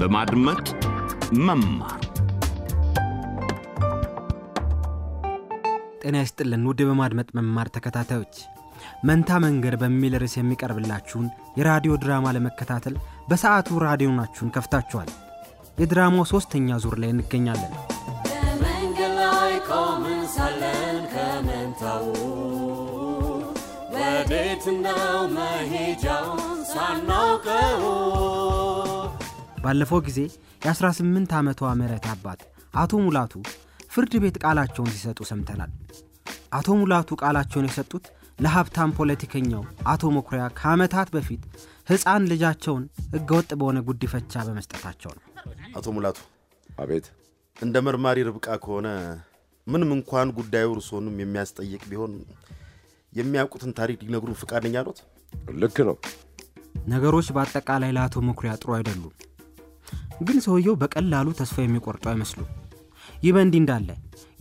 በማድመጥ መማር ጤና ይስጥልን ውድ በማድመጥ መማር ተከታታዮች መንታ መንገድ በሚል ርዕስ የሚቀርብላችሁን የራዲዮ ድራማ ለመከታተል በሰዓቱ ራዲዮናችሁን ከፍታችኋል የድራማው ሦስተኛ ዙር ላይ እንገኛለን በመንገድ ላይ ቆምን ሳለን ከመንታው ወዴት ነው መሄጃው ሳናውቀው ባለፈው ጊዜ የ18 ዓመቷ ምረት አባት አቶ ሙላቱ ፍርድ ቤት ቃላቸውን ሲሰጡ ሰምተናል። አቶ ሙላቱ ቃላቸውን የሰጡት ለሀብታም ፖለቲከኛው አቶ መኩሪያ ከዓመታት በፊት ሕፃን ልጃቸውን ሕገወጥ በሆነ ጉዲፈቻ በመስጠታቸው ነው። አቶ ሙላቱ፣ አቤት። እንደ መርማሪ ርብቃ ከሆነ ምንም እንኳን ጉዳዩ እርሶንም የሚያስጠይቅ ቢሆን የሚያውቁትን ታሪክ ሊነግሩን ፍቃደኛ ሎት? ልክ ነው። ነገሮች በአጠቃላይ ለአቶ መኩሪያ ጥሩ አይደሉም። ግን ሰውየው በቀላሉ ተስፋ የሚቆርጡ አይመስሉ። ይህ በእንዲህ እንዳለ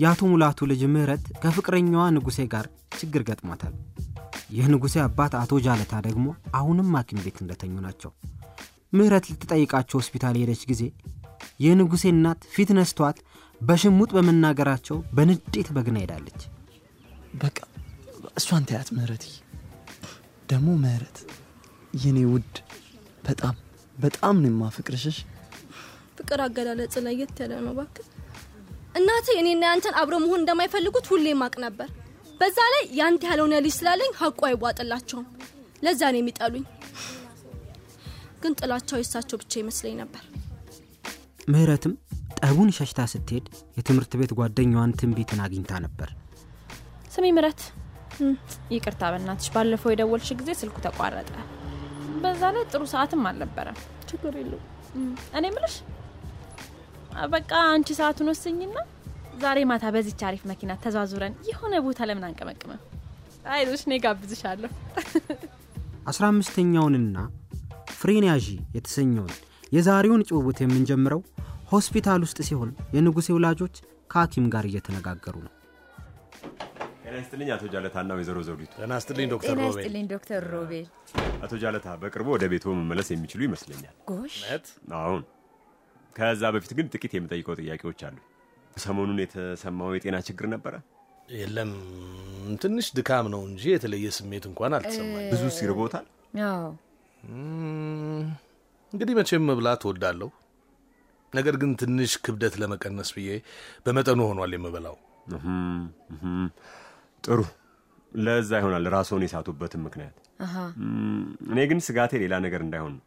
የአቶ ሙላቱ ልጅ ምህረት ከፍቅረኛዋ ንጉሴ ጋር ችግር ገጥሟታል። ይህ ንጉሴ አባት አቶ ጃለታ ደግሞ አሁንም ሐኪም ቤት እንደተኙ ናቸው። ምህረት ልትጠይቃቸው ሆስፒታል የሄደች ጊዜ የንጉሴ እናት ፊት ነስቷት በሽሙጥ በመናገራቸው በንዴት በግና ሄዳለች። በቃ እሷን ተያት ምህረት። ደግሞ ምህረት የኔ ውድ በጣም በጣም ነው የማፈቅርሽሽ ፍቅር አገላለጽ ለየት ያለ ነው። እባክህ እናቴ እኔና ያንተን አብረ መሆን እንደማይፈልጉት ሁሌ ማቅ ነበር። በዛ ላይ ያንተ ያልሆነ ልጅ ስላለኝ ሀቁ አይዋጥላቸውም። ለዛ ነው የሚጠሉኝ። ግን ጥላቸው የሳቸው ብቻ ይመስለኝ ነበር። ምህረትም ጠቡን ሸሽታ ስትሄድ የትምህርት ቤት ጓደኛዋን ትንቢትን አግኝታ ነበር። ስሜ ምረት፣ ይቅርታ በናትሽ፣ ባለፈው የደወልሽ ጊዜ ስልኩ ተቋረጠ። በዛ ላይ ጥሩ ሰዓትም አልነበረም። ችግር የለው። እኔ ምልሽ በቃ አንቺ ሰዓቱን ወስኝና ዛሬ ማታ በዚች አሪፍ መኪና ተዛዙረን የሆነ ቦታ ለምን አንቀመቅመም? አይዞች፣ ኔ ጋብዝሻለሁ። አስራ አምስተኛውንና ፍሬንያዢ የተሰኘውን የዛሬውን ጭውውት የምንጀምረው ሆስፒታል ውስጥ ሲሆን የንጉሴ ወላጆች ከሀኪም ጋር እየተነጋገሩ ነው። ጤና ይስጥልኝ አቶ ና ወይዘሮ ዘውዲቱ። ጤና ይስጥልኝ ዶክተር ሮቤል። ዶክተር ሮቤል። አቶ ጃለታ በቅርቡ ወደ ቤቱ መመለስ የሚችሉ ይመስለኛል። ጎሽ። አሁን ከዛ በፊት ግን ጥቂት የምጠይቀው ጥያቄዎች አሉ። ሰሞኑን የተሰማው የጤና ችግር ነበረ? የለም፣ ትንሽ ድካም ነው እንጂ የተለየ ስሜት እንኳን አልተሰማኝ። ብዙ ሲርቦታል? እንግዲህ መቼም መብላት እወዳለሁ፣ ነገር ግን ትንሽ ክብደት ለመቀነስ ብዬ በመጠኑ ሆኗል የምበላው። ጥሩ፣ ለዛ ይሆናል ራስዎን የሳቱበትን ምክንያት። እኔ ግን ስጋቴ ሌላ ነገር እንዳይሆን ነው።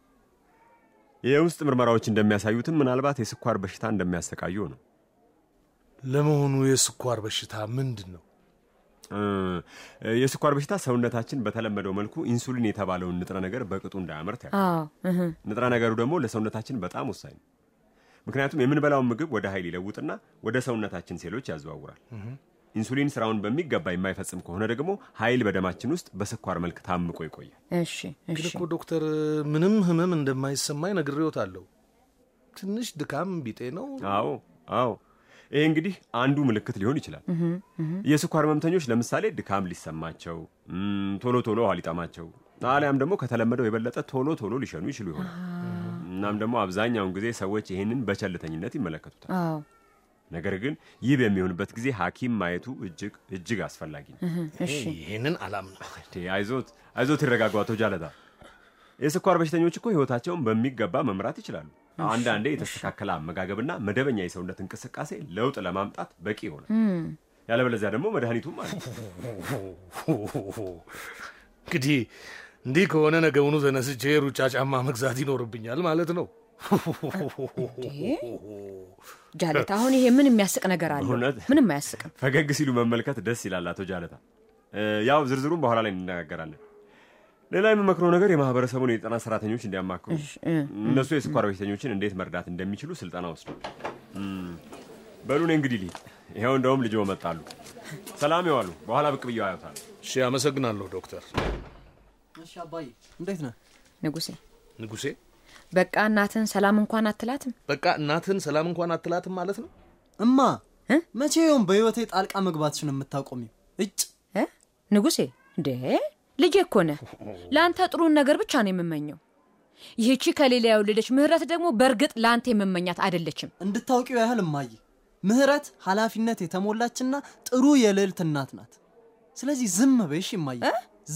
የውስጥ ምርመራዎች እንደሚያሳዩትም ምናልባት የስኳር በሽታ እንደሚያሰቃዩ ነው። ለመሆኑ የስኳር በሽታ ምንድን ነው? የስኳር በሽታ ሰውነታችን በተለመደው መልኩ ኢንሱሊን የተባለውን ንጥረ ነገር በቅጡ እንዳያመርት ያ ንጥረ ነገሩ ደግሞ ለሰውነታችን በጣም ወሳኝ ነው። ምክንያቱም የምንበላውን ምግብ ወደ ኃይል ይለውጥና ወደ ሰውነታችን ሴሎች ያዘዋውራል። ኢንሱሊን ስራውን በሚገባ የማይፈጽም ከሆነ ደግሞ ኃይል በደማችን ውስጥ በስኳር መልክ ታምቆ ይቆያል። እሺ እኮ ዶክተር ምንም ህመም እንደማይሰማኝ ነግሬዎታለሁ። ትንሽ ድካም ቢጤ ነው። አዎ አዎ። ይሄ እንግዲህ አንዱ ምልክት ሊሆን ይችላል። የስኳር ህመምተኞች ለምሳሌ ድካም ሊሰማቸው፣ ቶሎ ቶሎ ውሃ ሊጠማቸው፣ አሊያም ደግሞ ከተለመደው የበለጠ ቶሎ ቶሎ ሊሸኑ ይችሉ ይሆናል። እናም ደግሞ አብዛኛውን ጊዜ ሰዎች ይህንን በቸልተኝነት ይመለከቱታል። ነገር ግን ይህ በሚሆንበት ጊዜ ሐኪም ማየቱ እጅግ እጅግ አስፈላጊ ነው። ይህንን አላምነው። አይዞት አይዞት፣ ይረጋጉ አቶ ጃለታ። የስኳር በሽተኞች እኮ ህይወታቸውን በሚገባ መምራት ይችላሉ። አንዳንዴ የተስተካከለ አመጋገብና መደበኛ የሰውነት እንቅስቃሴ ለውጥ ለማምጣት በቂ ይሆናል። ያለበለዚያ ደግሞ መድኃኒቱም ማለት እንግዲህ እንዲህ ከሆነ ነገውኑ ተነስቼ ሩጫ ጫማ መግዛት ይኖርብኛል ማለት ነው። ጃለታ፣ አሁን ይሄ ምን የሚያስቅ ነገር አለ? ምንም አያስቅም። ፈገግ ሲሉ መመልከት ደስ ይላል አቶ ጃለታ። ያው ዝርዝሩም በኋላ ላይ እንነጋገራለን። ሌላ የምመክረው ነገር የማህበረሰቡን የጤና ሰራተኞች እንዲያማክሩ፣ እነሱ የስኳር በሽተኞችን እንዴት መርዳት እንደሚችሉ ስልጠና ወስዱ። በሉኔ እንግዲህ ልሂድ። ይኸው እንደውም ልጅ መጣሉ። ሰላም ይዋሉ። በኋላ ብቅ ብዬ አያታል። እሺ፣ አመሰግናለሁ ዶክተር። እሺ አባዬ፣ እንዴት ነህ ንጉሴ? ንጉሴ በቃ እናትን ሰላም እንኳን አትላትም? በቃ እናትን ሰላም እንኳን አትላትም ማለት ነው። እማ መቼ ይሆን በህይወቴ ጣልቃ መግባትሽን የምታቆሚው? እጭ ንጉሴ፣ እንዴ ልጄ ኮነ ለአንተ ጥሩን ነገር ብቻ ነው የምመኘው። ይህቺ ከሌላ የወለደች ምህረት ደግሞ በእርግጥ ለአንተ የምመኛት አይደለችም። እንድታውቂው ያህል እማይ ምህረት ኃላፊነት የተሞላችና ጥሩ የልዕልት እናት ናት። ስለዚህ ዝም በሽ ይማይ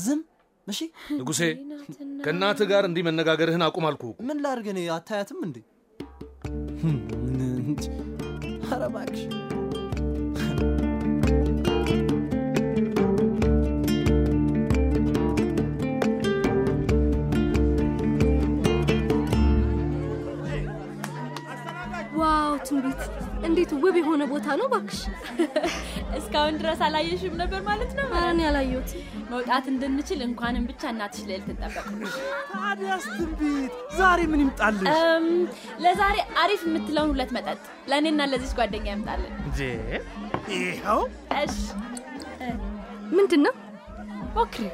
ዝም እሺ ንጉሴ፣ ከእናት ጋር እንዲህ መነጋገርህን አቁም አልኩ ምን ላድርግ አታያትም እንዴ? ኧረ ዋው ትንቢት እንዴት ውብ የሆነ ቦታ ነው ባክሽ። እስካሁን ድረስ አላየሽም ነበር ማለት ነው? ኧረ ያላየሁት። መውጣት እንድንችል እንኳንም ብቻ እናትሽ ልዕል ትጠበቅብሽ። ታዲያስ ትንቢት ዛሬ ምን ይምጣልሽ? ለዛሬ አሪፍ የምትለውን ሁለት መጠጥ ለእኔና ለዚች ጓደኛ ያምጣልን። ይኸው። እሺ። ምንድን ነው? ሞክሪ።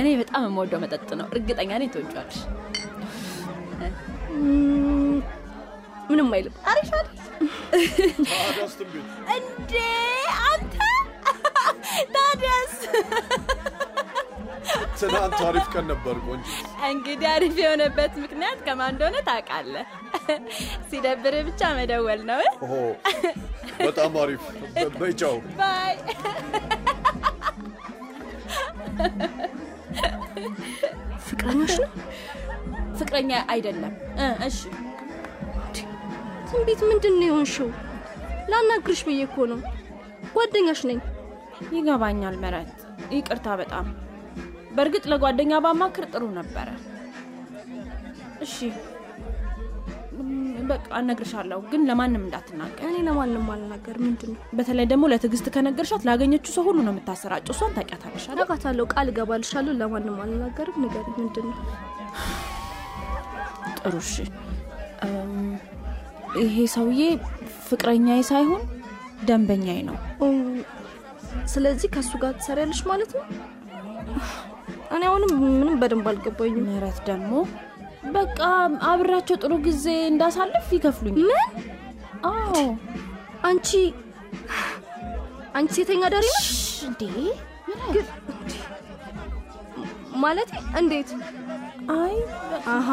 እኔ በጣም የምወደው መጠጥ ነው። እርግጠኛ ነኝ ትወጂዋለሽ። ምንም አይልም። አሪፍ እንዴ አንተ? ታዲያስ ትናንት አሪፍ ቀን ነበር ቆንጆ። እንግዲህ አሪፍ የሆነበት ምክንያት ከማን እንደሆነ ታውቃለህ። ሲደብር ብቻ መደወል ነው። በጣም አሪፍ በይቻው ባይ ፍቅረኛሽ ነው? ፍቅረኛ አይደለም። እሺ ትንቢት ምንድን ነው የሆንሽው? ላናግርሽ ብዬ እኮ ነው። ጓደኛሽ ነኝ። ይገባኛል ምህረት፣ ይቅርታ በጣም በእርግጥ ለጓደኛ ባማክር ጥሩ ነበረ። እሺ በቃ እነግርሻለሁ፣ ግን ለማንም እንዳትናገር። እኔ ለማንም አልናገር። ምንድን ነው? በተለይ ደግሞ ለትዕግስት ከነገርሻት ላገኘችው ሰው ሁሉ ነው የምታሰራጭው። እሷን ታውቂያታለሽ? አውቃታለሁ፣ ቃል እገባልሻለሁ። ለማንም አልናገርም። ንገሪኝ፣ ምንድን ነው? ጥሩ እሺ ይሄ ሰውዬ ፍቅረኛዬ ሳይሆን ደንበኛዬ ነው። ስለዚህ ከእሱ ጋር ትሰሪያለሽ ማለት ነው? እኔ አሁንም ምንም በደንብ አልገባኝ ምህረት ደግሞ በቃ አብራቸው ጥሩ ጊዜ እንዳሳልፍ ይከፍሉኝ። ምን? አዎ አንቺ አንቺ ሴተኛ ዳሪ ነሽ እንዴ? ማለት እንዴት? አይ አሀ፣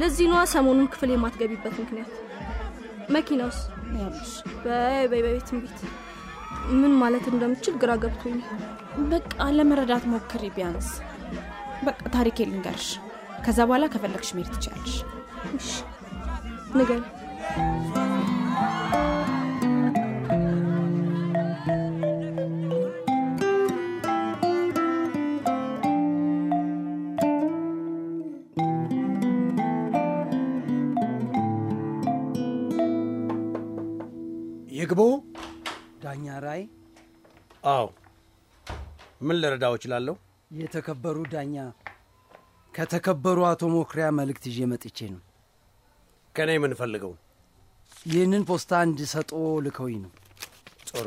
ለዚህ ነዋ ሰሞኑን ክፍል የማትገቢበት ምክንያት መኪናውስ? በቤት ቤት ምን ማለት እንደምችል ግራ ገብቶኝ፣ በቃ ለመረዳት ሞክሪ ቢያንስ። በቃ ታሪኬ ልንገርሽ፣ ከዛ በኋላ ከፈለግሽ መሄድ ትችላለሽ። ንገር ምን ልረዳው እችላለሁ? የተከበሩ ዳኛ፣ ከተከበሩ አቶ ሞክሪያ መልእክት ይዤ መጥቼ ነው። ከእኔ ፈልገው? ይህንን ፖስታ እንድሰጦ ልከውኝ ነው። ጥሩ።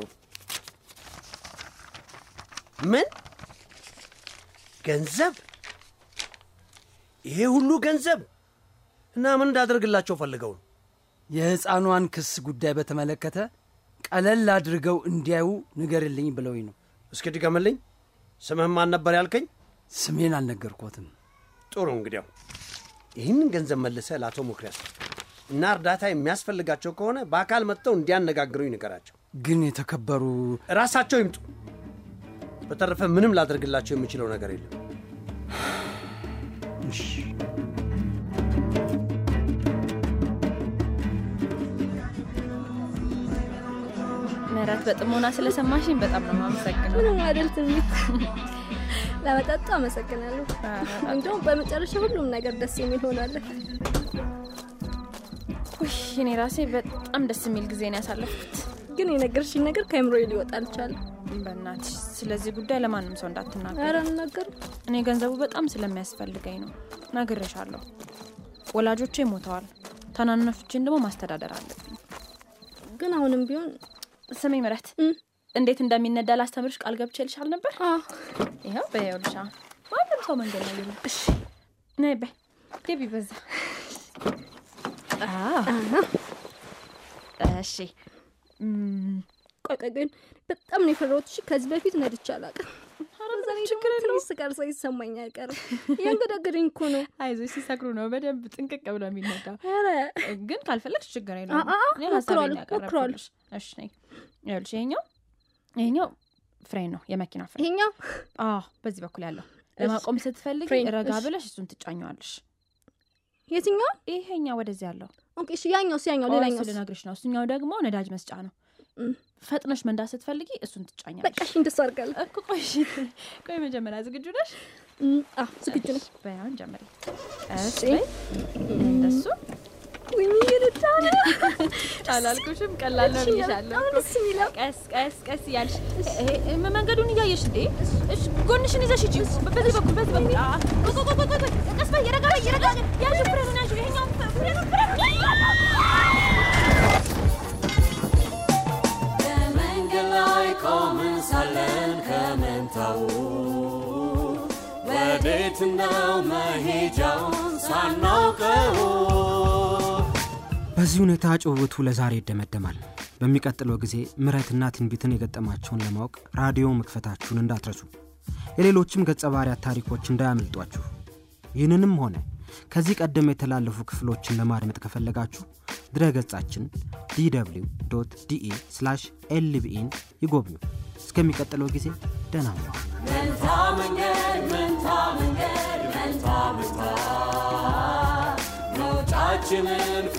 ምን ገንዘብ? ይሄ ሁሉ ገንዘብ እና ምን እንዳደርግላቸው ፈልገው ነው? የሕፃኗን ክስ ጉዳይ በተመለከተ ቀለል አድርገው እንዲያዩ ንገርልኝ ብለውኝ ነው። እስኪ ድገምልኝ። ስምህም ማን ነበር ያልከኝ? ስሜን አልነገርኩትም። ጥሩ እንግዲያው ይህንን ገንዘብ መልሰ ለአቶ ሞክሪያስ እና እርዳታ የሚያስፈልጋቸው ከሆነ በአካል መጥተው እንዲያነጋግሩ ይንገራቸው። ግን የተከበሩ ራሳቸው ይምጡ። በተረፈ ምንም ላደርግላቸው የምችለው ነገር የለም። እሺ በጥሞና ስለሰማሽኝ በጣም ነው የማመሰግነው። ምንም አይደል ትምህርት ለመጠጡ አመሰግናለሁ። እንዲሁም በመጨረሻ ሁሉም ነገር ደስ የሚል ሆናለ። እኔ ራሴ በጣም ደስ የሚል ጊዜ ነው ያሳለፍኩት። ግን የነገርሽኝ ነገር ከአይምሮ ሊወጣ አልቻለም። በእናትሽ ስለዚህ ጉዳይ ለማንም ሰው እንዳትናገር። ነገር እኔ ገንዘቡ በጣም ስለሚያስፈልገኝ ነው ነግሬሻለሁ። ወላጆቼ ሞተዋል። ታናናሾቼን ደግሞ ማስተዳደር አለብኝ። ግን አሁንም ቢሆን ስሜ ምረት፣ እንዴት እንደሚነዳ ላስተምርሽ ቃል ገብቼልሻል ነበር። ይኸው በየውልሻ ማንም ሰው መንገድ ነው የለም። እሺ ነይ በይ። ዴቢ በዛ። እሺ ቆይ፣ ግን በጣም ነው የፈራሁት። ከዚህ በፊት ነድቼ አላውቅም። ችግር የለውም። ስቀር ሰው ይሰማኝ አይቀርም። ያንገዳገደኝ እኮ ነው። አይዞሽ ሲሰክሩ ነው በደንብ ጥንቅቅ ብሎ የሚነዳ ግን ካልፈለግሽ ችግር የለውም። እሺ ይሄኛው ይሄኛው ፍሬን ነው የመኪና ፍሬን። ይሄኛው በዚህ በኩል ያለው ለማቆም ስትፈልግ ረጋ ብለሽ እሱን ትጫኘዋለሽ። የትኛው? ይሄኛው ወደዚህ ያለው። ያኛው ያኛው ሌላኛው ልነግርሽ ነው። እሱኛው ደግሞ ነዳጅ መስጫ ነው። ፈጥነሽ መንዳት ስትፈልጊ እሱን ትጫኛለሽ። በቃ እንደሱ አድርጋለሁ ቆይ ቆይ፣ መጀመሪያ ዝግጁ ነሽ? ዝግጁ ነሽ? በያን ጀመሪ። እንደሱ አላልኩሽም? ቀላል ነው ብዬሻለሁ። ቀስ ቀስ ቀስ እያልሽ መንገዱን እያየሽ እንዴ! ጎንሽን ይዘሽ ሂጂ። በዚህ በኩል በዚህ በኩል። ቆይ ቆይ ቆይ፣ ቀስ በይ። ረጋ በይ፣ ረጋ። ያዥ ፍሬኑን፣ ያዥ ይኸኛውን ፍሬኑን፣ ፍሬኑን ፈውስ ወዴት ነው መሄጃው ሳናውቀው። በዚህ ሁኔታ ጭውውቱ ለዛሬ ይደመደማል። በሚቀጥለው ጊዜ ምረትና ትንቢትን የገጠማቸውን ለማወቅ ራዲዮ መክፈታችሁን እንዳትረሱ። የሌሎችም ገጸ ባህርያት ታሪኮች እንዳያመልጧችሁ። ይህንንም ሆነ ከዚህ ቀደም የተላለፉ ክፍሎችን ለማድመጥ ከፈለጋችሁ ድረ ገጻችን ዲ ደብልዩ ዶት ዲኢ ስላሽ ኤልቢኢን ይጎብኙ። እስከሚቀጥለው ጊዜ ደህና ሁኑ። መንታ መንገድ መንታ መንገድ መንታ መንታ መውጫችንን